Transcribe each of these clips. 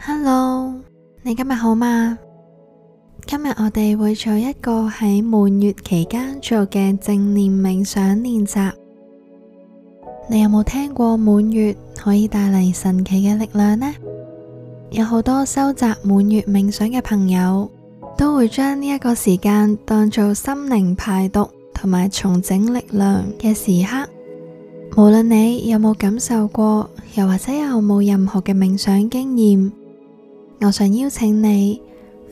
Hello，你今日好嗎？今日我哋會做一個喺滿月期間做嘅正念冥想練習。你有冇聽過滿月可以帶嚟神奇嘅力量呢？有好多修習滿月冥想嘅朋友都會將呢一個時間當做心靈排毒同埋重整力量嘅時刻。無論你有冇感受過，又或者有冇任何嘅冥想經驗。我想邀請你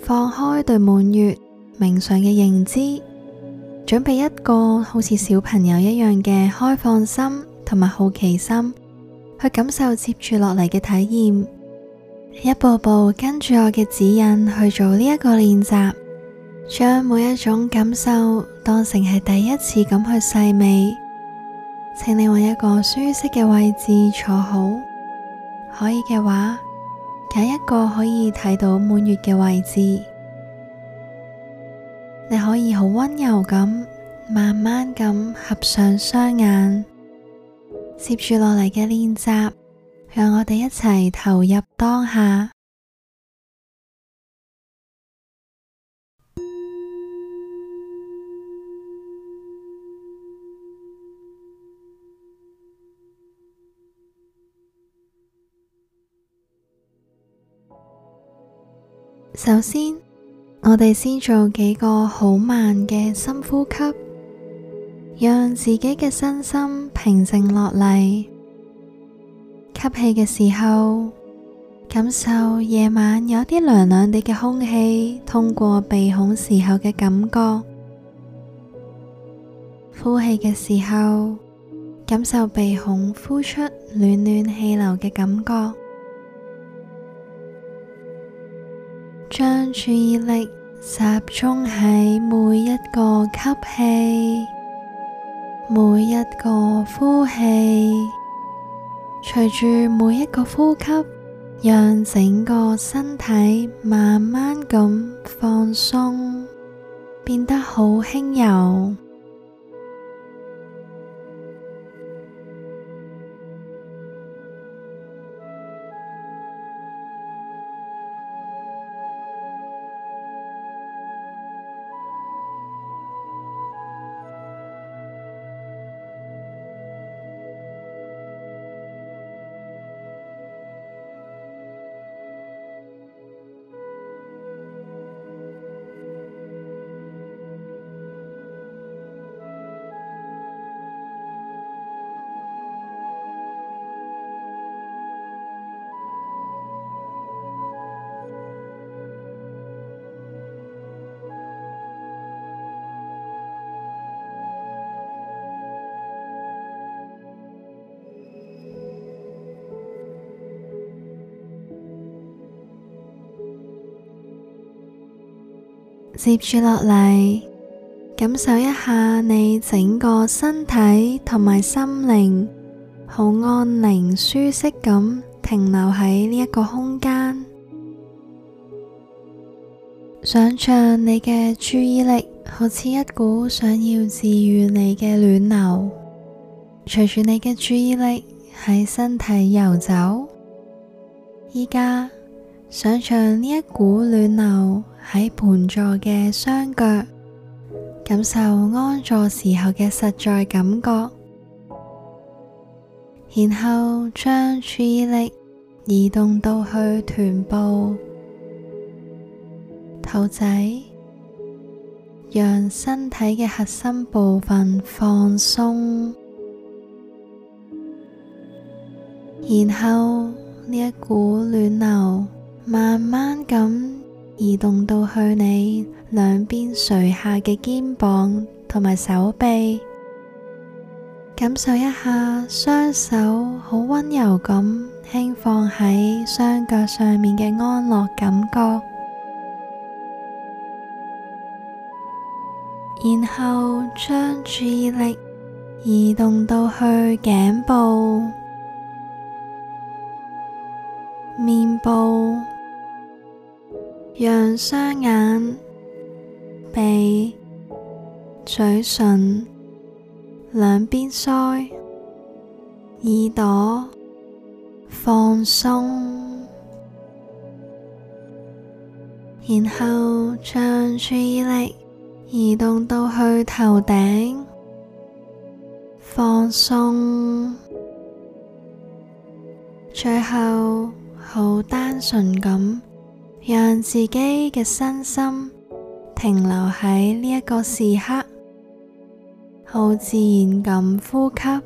放開對滿月冥想嘅認知，準備一個好似小朋友一樣嘅開放心同埋好奇心，去感受接住落嚟嘅體驗，一步步跟住我嘅指引去做呢一個練習，將每一種感受當成係第一次咁去細味。請你揾一個舒適嘅位置坐好，可以嘅話。揀一個可以睇到滿月嘅位置，你可以好溫柔咁，慢慢咁合上雙眼，接住落嚟嘅練習，讓我哋一齊投入當下。首先，我哋先做幾個好慢嘅深呼吸，讓自己嘅身心平靜落嚟。吸氣嘅時候，感受夜晚有一啲涼涼哋嘅空氣，通過鼻孔時候嘅感覺；呼氣嘅時候，感受鼻孔呼出暖暖氣流嘅感覺。將注意力集中喺每一個吸氣，每一個呼氣，隨住每一個呼吸，讓整個身體慢慢咁放鬆，變得好輕柔。接住落嚟，感受一下你整個身體同埋心靈好安寧舒適咁停留喺呢一個空間。想象你嘅注意力好似一股想要治愈你嘅暖流，隨住你嘅注意力喺身體遊走。依家想象呢一股暖流。喺盤坐嘅雙腳，感受安坐時候嘅實在感覺，然後將注意力移動到去臀部、肚仔，讓身體嘅核心部分放鬆，然後呢一股暖流慢慢咁。移動到去你兩邊垂下嘅肩膀同埋手臂，感受一下雙手好溫柔咁輕放喺雙腳上面嘅安樂感覺。然後將注意力移動到去頸部、面部。讓雙眼、鼻、嘴唇、兩邊腮、耳朵放鬆，然後將注意力移動到去頭頂放鬆。最後，好單純咁。讓自己嘅身心停留喺呢一個時刻，好自然咁呼吸。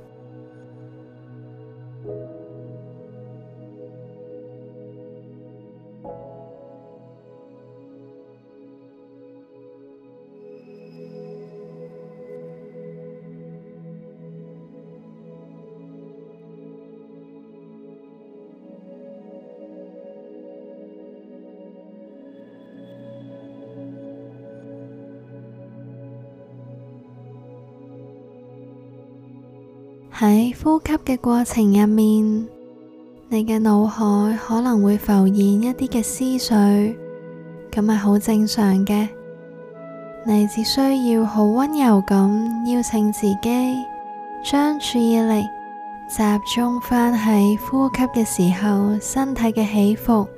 喺呼吸嘅過程入面，你嘅腦海可能會浮現一啲嘅思緒，咁係好正常嘅。你只需要好溫柔咁邀請自己，將注意力集中翻喺呼吸嘅時候，身體嘅起伏，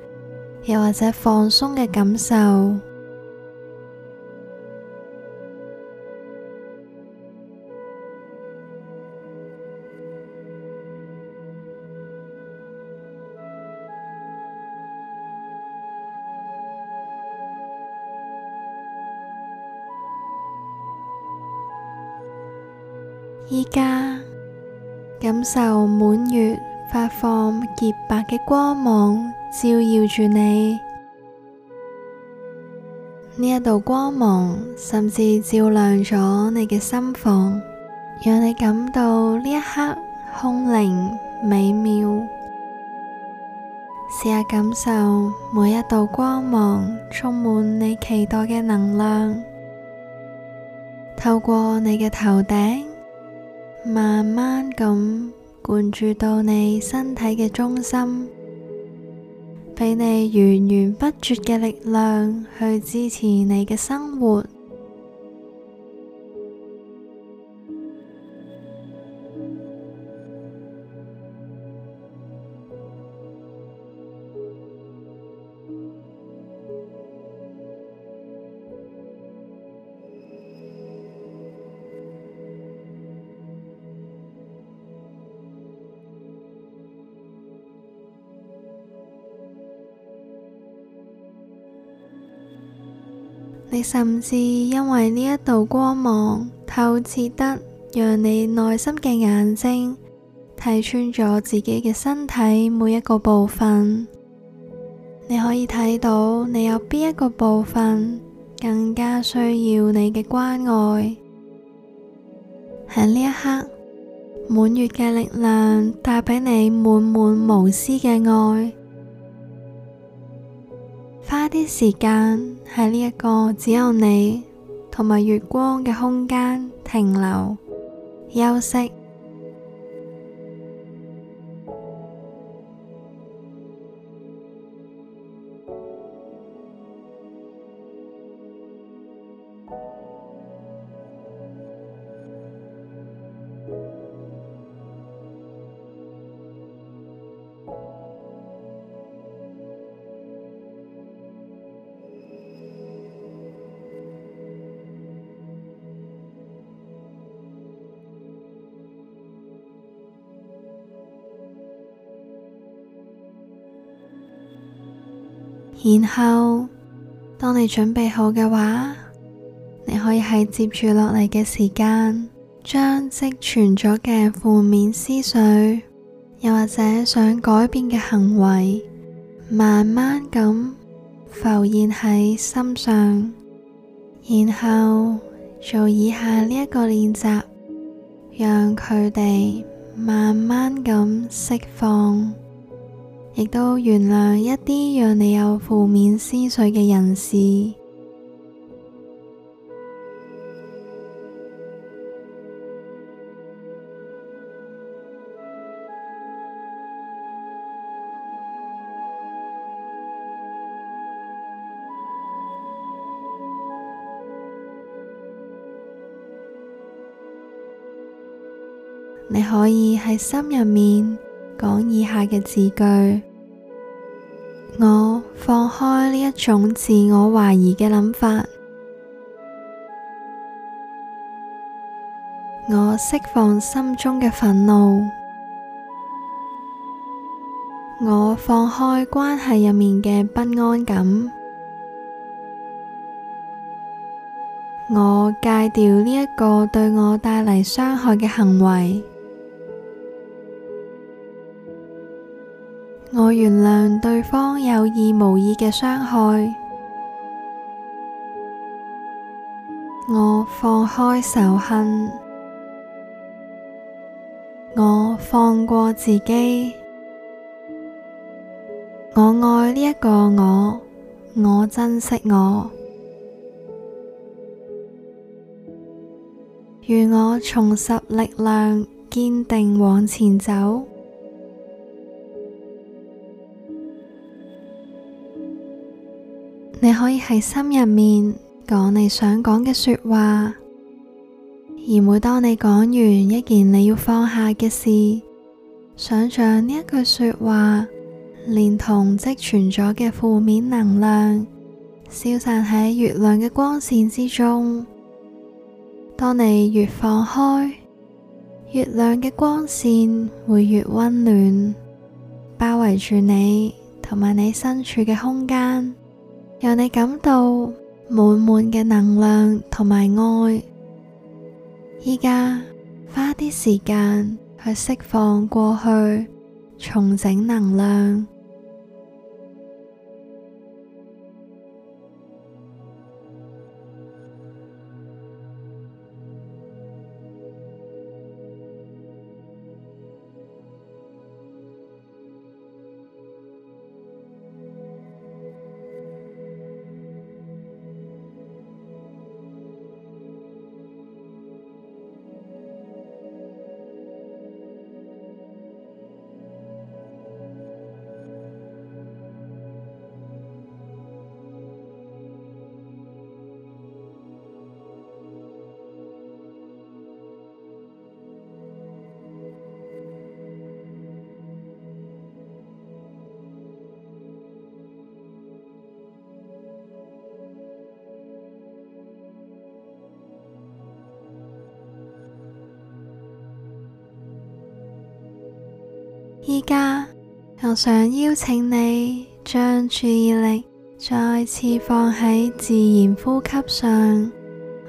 又或者放鬆嘅感受。依家感受滿月發放潔白嘅光芒，照耀住你。呢一道光芒甚至照亮咗你嘅心房，讓你感到呢一刻空靈美妙。試下感受每一道光芒充滿你期待嘅能量，透過你嘅頭頂，慢慢咁灌注到你身體嘅中心，畀你源源不絕嘅力量去支持你嘅生活。你甚至因為呢一道光芒透徹得，讓你內心嘅眼睛睇穿咗自己嘅身體每一個部分。你可以睇到你有邊一個部分更加需要你嘅關愛。喺呢一刻，滿月嘅力量帶俾你滿滿無私嘅愛。啲時間喺呢一個只有你同埋月光嘅空間停留，休息。然後，當你準備好嘅話，你可以喺接住落嚟嘅時間，將積存咗嘅負面思緒，又或者想改變嘅行為，慢慢咁浮現喺心上，然後做以下呢一個練習，讓佢哋慢慢咁釋放。亦都原諒一啲讓你有負面思緒嘅人士，你可以喺心入面。講以下嘅字句：我放開呢一種自我懷疑嘅諗法，我釋放心中嘅憤怒，我放開關係入面嘅不安感，我戒掉呢一個對我帶嚟傷害嘅行為。我原諒對方有意無意嘅傷害，我放開仇恨，我放過自己，我愛呢一個我，我珍惜我，願我重拾力量，堅定往前走。你可以喺心入面講你想講嘅說話，而每當你講完一件你要放下嘅事，想象呢一句說話連同積存咗嘅負面能量，消散喺月亮嘅光線之中。當你越放開，月亮嘅光線會越溫暖，包圍住你同埋你身處嘅空間。讓你感到滿滿嘅能量同埋愛。依家花啲時間去釋放過去，重整能量。依家，我想邀請你將注意力再次放喺自然呼吸上，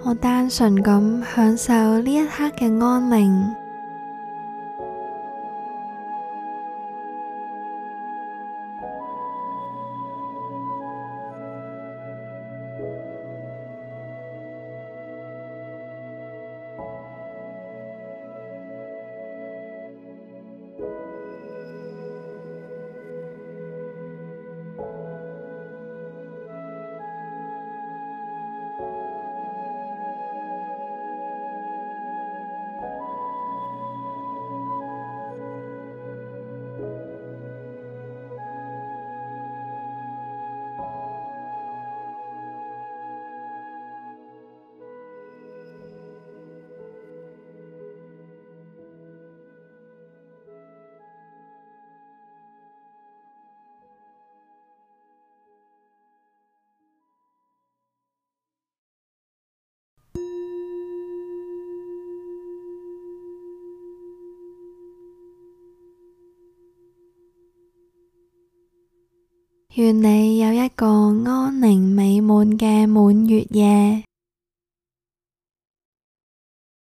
我單純咁享受呢一刻嘅安寧。願你有一個安寧美滿嘅滿月夜。